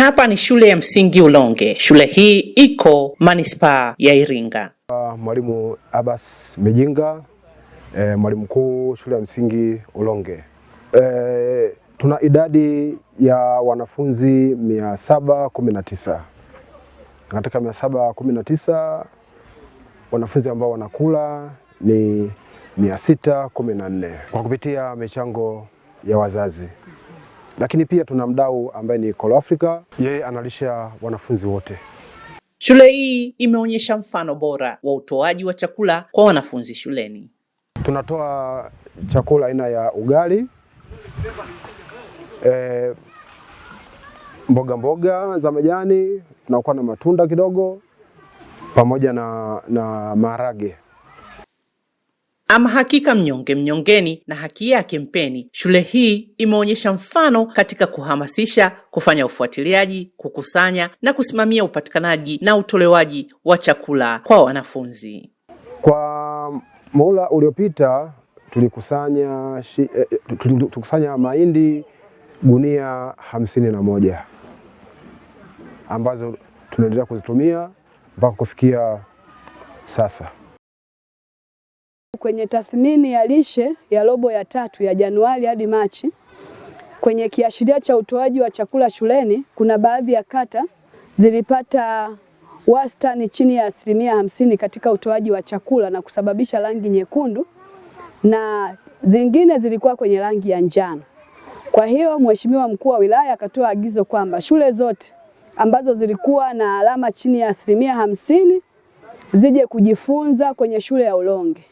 Hapa ni shule ya msingi Ulonge. Shule hii iko manispaa ya Iringa. Mwalimu Abbas Mijinga, e, eh, mwalimu mkuu shule ya msingi Ulonge. E, tuna idadi ya wanafunzi 719 katika 719 wanafunzi ambao wanakula ni 614 kwa kupitia michango ya wazazi lakini pia tuna mdau ambaye ni Call Africa, yeye analisha wanafunzi wote. Shule hii imeonyesha mfano bora wa utoaji wa chakula kwa wanafunzi shuleni. Tunatoa chakula aina ya ugali e, mboga mboga za majani, tunakuwa na matunda kidogo pamoja na, na maharage. Ama hakika mnyonge mnyongeni na haki yake mpeni. Shule hii imeonyesha mfano katika kuhamasisha, kufanya ufuatiliaji, kukusanya na kusimamia upatikanaji na utolewaji wa chakula kwa wanafunzi. Kwa muhula uliopita tulikusanya, eh, eh, tulikusanya mahindi gunia hamsini na moja ambazo tunaendelea kuzitumia mpaka kufikia sasa kwenye tathmini ya lishe ya robo ya tatu ya Januari hadi Machi, kwenye kiashiria cha utoaji wa chakula shuleni, kuna baadhi ya kata zilipata wastani chini ya asilimia hamsini katika utoaji wa chakula na kusababisha rangi nyekundu na zingine zilikuwa kwenye rangi ya njano. Kwa hiyo Mheshimiwa Mkuu wa Wilaya akatoa agizo kwamba shule zote ambazo zilikuwa na alama chini ya asilimia hamsini zije kujifunza kwenye shule ya Ulonge.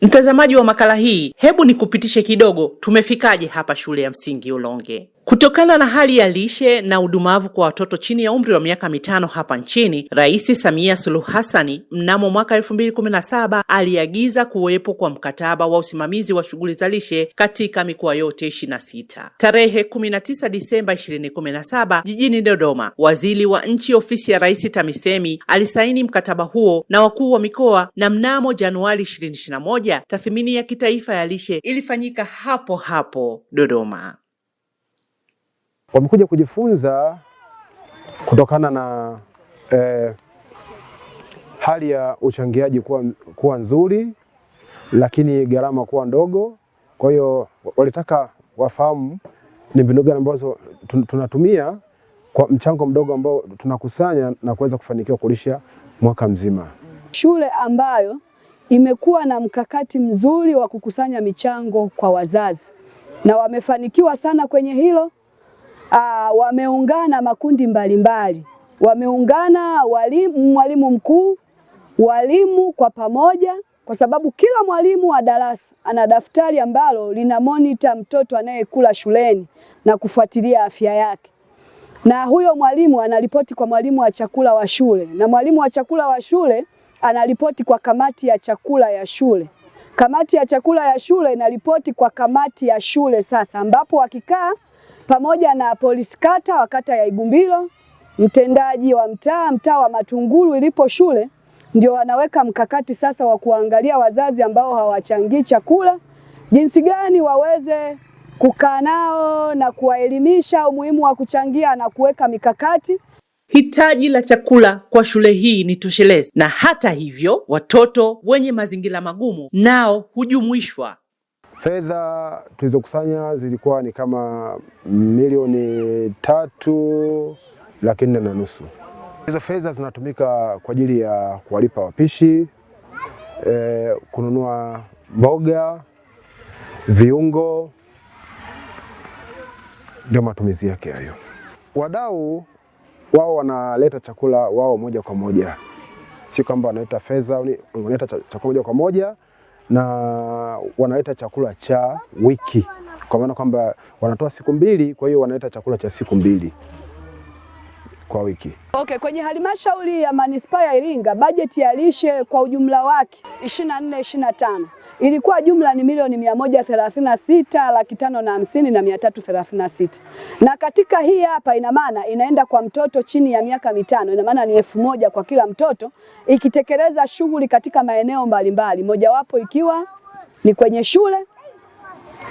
Mtazamaji wa makala hii, hebu nikupitishe kidogo tumefikaje hapa shule ya msingi Ulonge. Kutokana na hali ya lishe na udumavu kwa watoto chini ya umri wa miaka mitano hapa nchini, Rais Samia Suluhu Hassani mnamo mwaka 2017 aliagiza kuwepo kwa mkataba wa usimamizi wa shughuli za lishe katika mikoa yote 26. sita. Tarehe 19 tisa Disemba ishirini kumi na saba jijini Dodoma, Waziri wa Nchi Ofisi ya Rais TAMISEMI alisaini mkataba huo na wakuu wa mikoa, na mnamo Januari 2021 tathmini ya kitaifa ya lishe ilifanyika hapo hapo Dodoma wamekuja kujifunza kutokana na eh, hali ya uchangiaji kuwa, kuwa nzuri lakini gharama kuwa ndogo. Kwa hiyo walitaka wafahamu ni mbinu gani ambazo tunatumia kwa mchango mdogo ambao tunakusanya na kuweza kufanikiwa kulisha mwaka mzima. Shule ambayo imekuwa na mkakati mzuri wa kukusanya michango kwa wazazi na wamefanikiwa sana kwenye hilo uh, wameungana makundi mbalimbali mbali. Wameungana walimu, mwalimu mkuu, walimu kwa pamoja, kwa sababu kila mwalimu wa darasa ana daftari ambalo lina monita mtoto anayekula shuleni na kufuatilia afya yake na huyo mwalimu anaripoti kwa mwalimu wa chakula wa shule na mwalimu wa chakula wa shule anaripoti kwa kamati ya chakula ya shule. Kamati ya chakula ya shule inaripoti kwa kamati ya shule sasa, ambapo wakikaa pamoja na polisi kata wa kata ya Igumbilo, mtendaji wa mtaa mtaa wa Matungulu ilipo shule, ndio wanaweka mkakati sasa wa kuangalia wazazi ambao hawachangii chakula, jinsi gani waweze kukaa nao na kuwaelimisha umuhimu wa kuchangia na kuweka mikakati. Hitaji la chakula kwa shule hii ni toshelezi, na hata hivyo watoto wenye mazingira magumu nao hujumuishwa Fedha tulizokusanya zilikuwa ni kama milioni tatu laki nne na nusu. Hizo fedha zinatumika kwa ajili ya kuwalipa wapishi e, kununua mboga, viungo, ndio matumizi yake hayo. Wadau wao wanaleta chakula wao moja kwa moja, si kwamba wanaleta fedha, wanaleta chakula moja kwa moja na wanaleta chakula cha wiki, kwa maana kwamba wanatoa siku mbili, kwa hiyo wanaleta chakula cha siku mbili kwa wiki. Okay, kwenye halmashauri ya manispaa ya Iringa bajeti ya lishe kwa ujumla wake 24 25 ilikuwa jumla ni milioni mia laki tano na hamsini na mia na katika hii hapa, ina maana inaenda kwa mtoto chini ya miaka mitano, ina maana ni elfu moja kwa kila mtoto, ikitekeleza shughuli katika maeneo mbalimbali, mojawapo ikiwa ni kwenye shule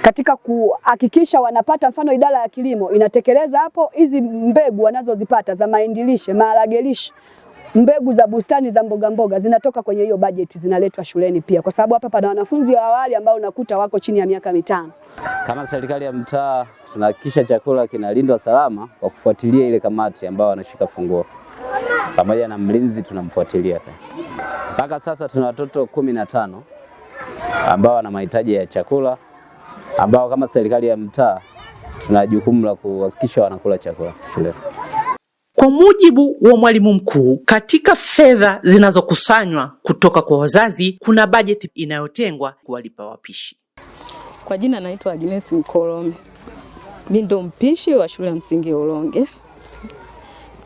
katika kuhakikisha wanapata, mfano idara ya kilimo inatekeleza hapo hizi mbegu wanazozipata za mahindi lishe, maharage lishe mbegu za bustani za mboga mboga zinatoka kwenye hiyo bajeti zinaletwa shuleni pia, kwa sababu hapa pana wanafunzi wa awali ambao unakuta wako chini ya miaka mitano. Kama serikali ya mtaa tunahakikisha chakula kinalindwa salama kwa kufuatilia ile kamati ambayo wanashika funguo, pamoja na mlinzi tunamfuatilia. Mpaka sasa tuna watoto kumi na tano ambao wana mahitaji ya chakula ambao kama serikali ya mtaa tuna jukumu la kuhakikisha wanakula chakula shule. Kwa mujibu wa mwalimu mkuu, katika fedha zinazokusanywa kutoka kwa wazazi kuna bajeti inayotengwa kuwalipa wapishi. Kwa jina naitwa Agnes Mkolome, mimi ndo mpishi wa shule ya msingi Ulonge.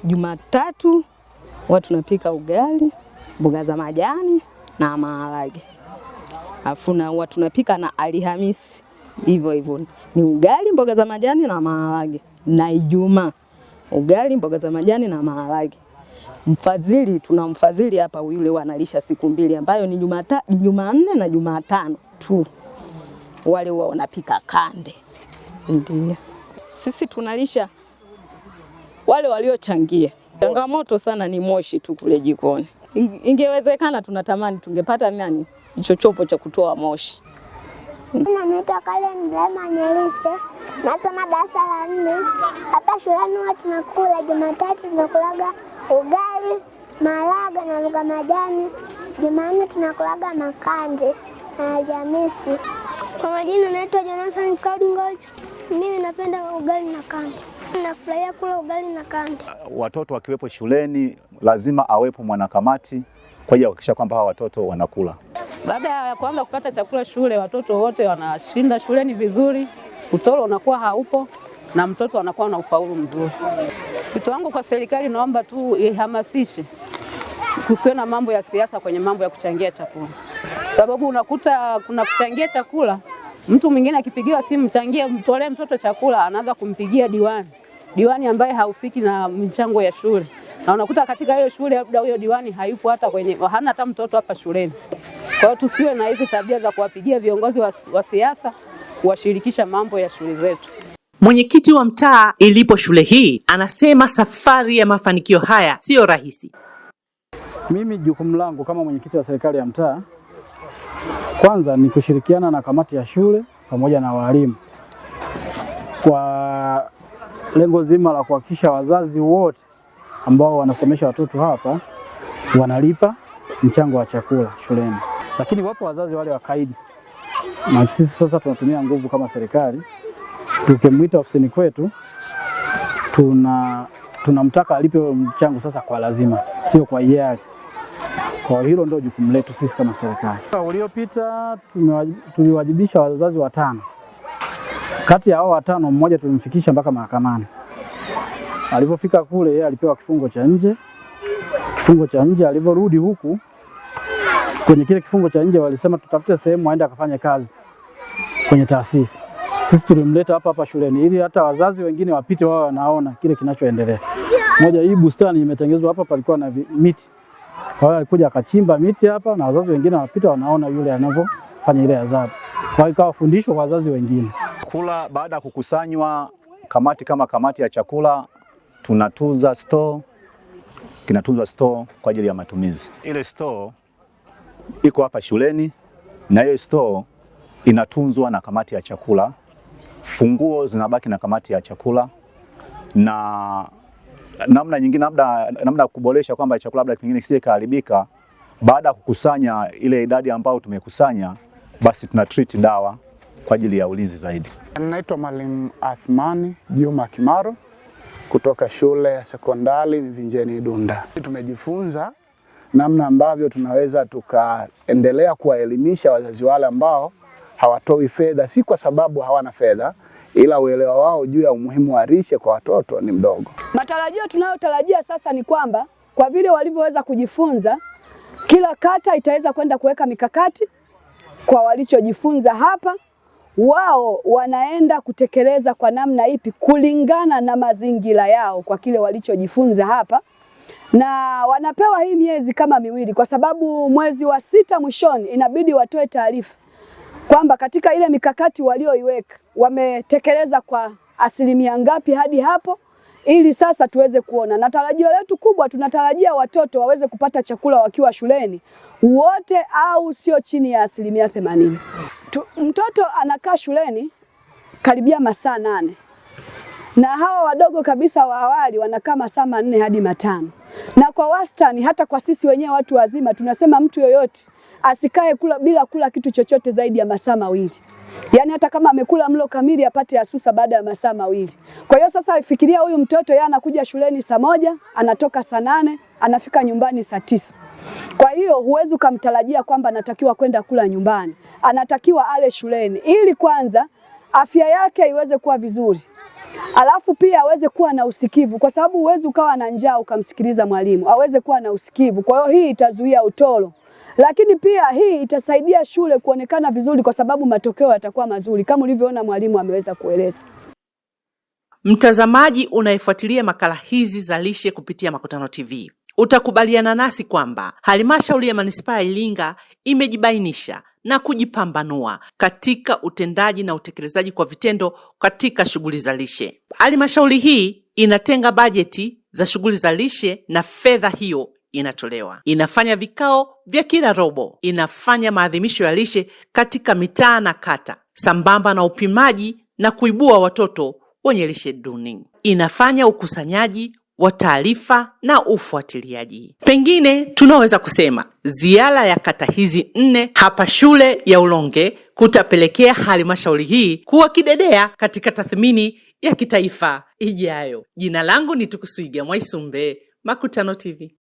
Jumatatu huwa tunapika ugali, mboga za majani na maharage, afu na huwa tunapika na Alhamisi hivyo hivyo, ni ugali, mboga za majani na maharage na Ijumaa ugali, mboga za majani na maharage. Mfadhili tuna mfadhili hapa, yule wanalisha siku mbili, ambayo ni Jumanne na Jumatano tu, wale huwa wanapika kande. Ndio sisi tunalisha wale waliochangia. Changamoto sana ni moshi tu kule jikoni. Ingewezekana tunatamani tungepata nani, chochopo cha kutoa moshi. Naitwa Karen Blema Nyelise, nasoma darasa la nne hapa shuleni. Huwa tunakula Jumatatu tunakulaga ugali, maraga na lugha majani. Jumanne tunakulaga makande na Alhamisi. Kwa majina naitwa Jonathan Kaudi Mimi napenda ugali na kande, nafurahia kula ugali na kande. Watoto wakiwepo shuleni, lazima awepo mwanakamati kwa ajili ya kuhakikisha kwamba hawa watoto wanakula baada ya kuanza kupata chakula shule, watoto wote wanashinda shuleni vizuri, utoro unakuwa haupo na mtoto anakuwa na ufaulu mzuri. Wito wangu kwa serikali, naomba tu ihamasishe kusiwe na mambo ya siasa kwenye mambo ya kuchangia chakula, sababu unakuta kuna kuchangia chakula, mtu mwingine akipigiwa simu, mchangie, mtolee mtoto chakula, anaanza kumpigia diwani, diwani ambaye hahusiki na michango ya shule, na unakuta katika hiyo shule labda huyo diwani hayupo hata kwenye, hana hata mtoto hapa shuleni. Kwa hiyo tusiwe na hizi tabia za kuwapigia viongozi wa, wa siasa kuwashirikisha mambo ya shule zetu. Mwenyekiti wa mtaa ilipo shule hii anasema safari ya mafanikio haya siyo rahisi. Mimi jukumu langu kama mwenyekiti wa serikali ya mtaa kwanza ni kushirikiana na kamati ya shule pamoja na walimu kwa lengo zima la kuhakikisha wazazi wote ambao wanasomesha watoto hapa wanalipa mchango wa chakula shuleni lakini wapo wazazi wale wakaidi, na sisi sasa tunatumia nguvu kama serikali. Tukimwita ofisini kwetu, tuna tunamtaka alipe mchango sasa kwa lazima, sio kwa hiari. Kwa hilo ndio jukumu letu sisi kama serikali. Uliopita tuliwajibisha wazazi watano, kati ya hao watano mmoja tulimfikisha mpaka mahakamani. Alivyofika kule, yeye alipewa kifungo cha nje. Kifungo cha nje alivyorudi huku kwenye kile kifungo cha nje walisema tutafute sehemu aende akafanye kazi kwenye taasisi. Sisi tulimleta hapa hapa shuleni ili hata wazazi wengine wapite wao wanaona kile kinachoendelea. Moja, hii bustani imetengenezwa hapa, palikuwa na miti. Kwa hiyo alikuja akachimba miti hapa na wazazi wengine wanapita wanaona yule anavyofanya ile adhabu. Kwa hiyo ikawa fundisho kwa wazazi wengine. Kula baada ya kukusanywa kamati kama kamati ya chakula tunatunza store, kinatunzwa store kwa ajili ya matumizi. Ile store iko hapa shuleni na hiyo store inatunzwa na kamati ya chakula, funguo zinabaki na kamati ya chakula na namna nyingine labda namna ya kuboresha kwamba chakula labda kingine kisije kaharibika. Baada ya kukusanya ile idadi ambayo tumekusanya, basi tuna treat dawa kwa ajili ya ulinzi zaidi. Ninaitwa Mwalimu Athmani Juma Kimaro kutoka shule ya sekondari Vinjeni Dunda. Tumejifunza namna ambavyo tunaweza tukaendelea kuwaelimisha wazazi wale ambao hawatoi fedha, si kwa sababu hawana fedha, ila uelewa wao juu ya umuhimu wa lishe kwa watoto ni mdogo. Matarajio tunayotarajia sasa ni kwamba kwa vile walivyoweza kujifunza, kila kata itaweza kwenda kuweka mikakati kwa walichojifunza hapa, wao wanaenda kutekeleza kwa namna ipi kulingana na mazingira yao kwa kile walichojifunza hapa na wanapewa hii miezi kama miwili, kwa sababu mwezi wa sita mwishoni inabidi watoe taarifa kwamba katika ile mikakati walioiweka wametekeleza kwa asilimia ngapi hadi hapo, ili sasa tuweze kuona. Na tarajio letu kubwa, tunatarajia watoto waweze kupata chakula wakiwa shuleni wote, au sio chini ya asilimia themanini. Mtoto anakaa shuleni karibia masaa nane na hawa wadogo kabisa wa awali wanakaa masaa manne hadi matano, na kwa wastani hata kwa sisi wenyewe watu wazima tunasema mtu yoyote asikae kula bila kula kitu chochote zaidi ya masaa mawili. Yaani hata kama amekula mlo kamili apate asusa baada ya masaa mawili. Kwa hiyo sasa fikiria huyu mtoto yeye anakuja shuleni saa moja, anatoka saa nane, anafika nyumbani saa tisa. Kwa hiyo huwezi ukamtarajia kwamba anatakiwa kwenda kula nyumbani, anatakiwa ale shuleni ili kwanza afya yake iweze kuwa vizuri, alafu pia aweze kuwa na usikivu, kwa sababu huwezi ukawa na njaa ukamsikiliza mwalimu, aweze kuwa na usikivu. Kwa hiyo hii itazuia utoro, lakini pia hii itasaidia shule kuonekana vizuri, kwa sababu matokeo yatakuwa mazuri, kama ulivyoona mwalimu ameweza kueleza. Mtazamaji unayefuatilia makala hizi za lishe kupitia Makutano TV, Utakubaliana nasi kwamba halmashauri ya manispaa ya Iringa imejibainisha na kujipambanua katika utendaji na utekelezaji kwa vitendo katika shughuli za lishe. Halmashauri hii inatenga bajeti za shughuli za lishe na fedha hiyo inatolewa. Inafanya vikao vya kila robo, inafanya maadhimisho ya lishe katika mitaa na kata, sambamba na upimaji na kuibua watoto wenye lishe duni. Inafanya ukusanyaji wa taarifa na ufuatiliaji. Pengine tunaweza kusema ziara ya kata hizi nne hapa shule ya Ulonge kutapelekea halmashauri hii kuwa kidedea katika tathmini ya kitaifa ijayo. Jina langu ni Tukuswiga Mwaisumbe, Makutano TV.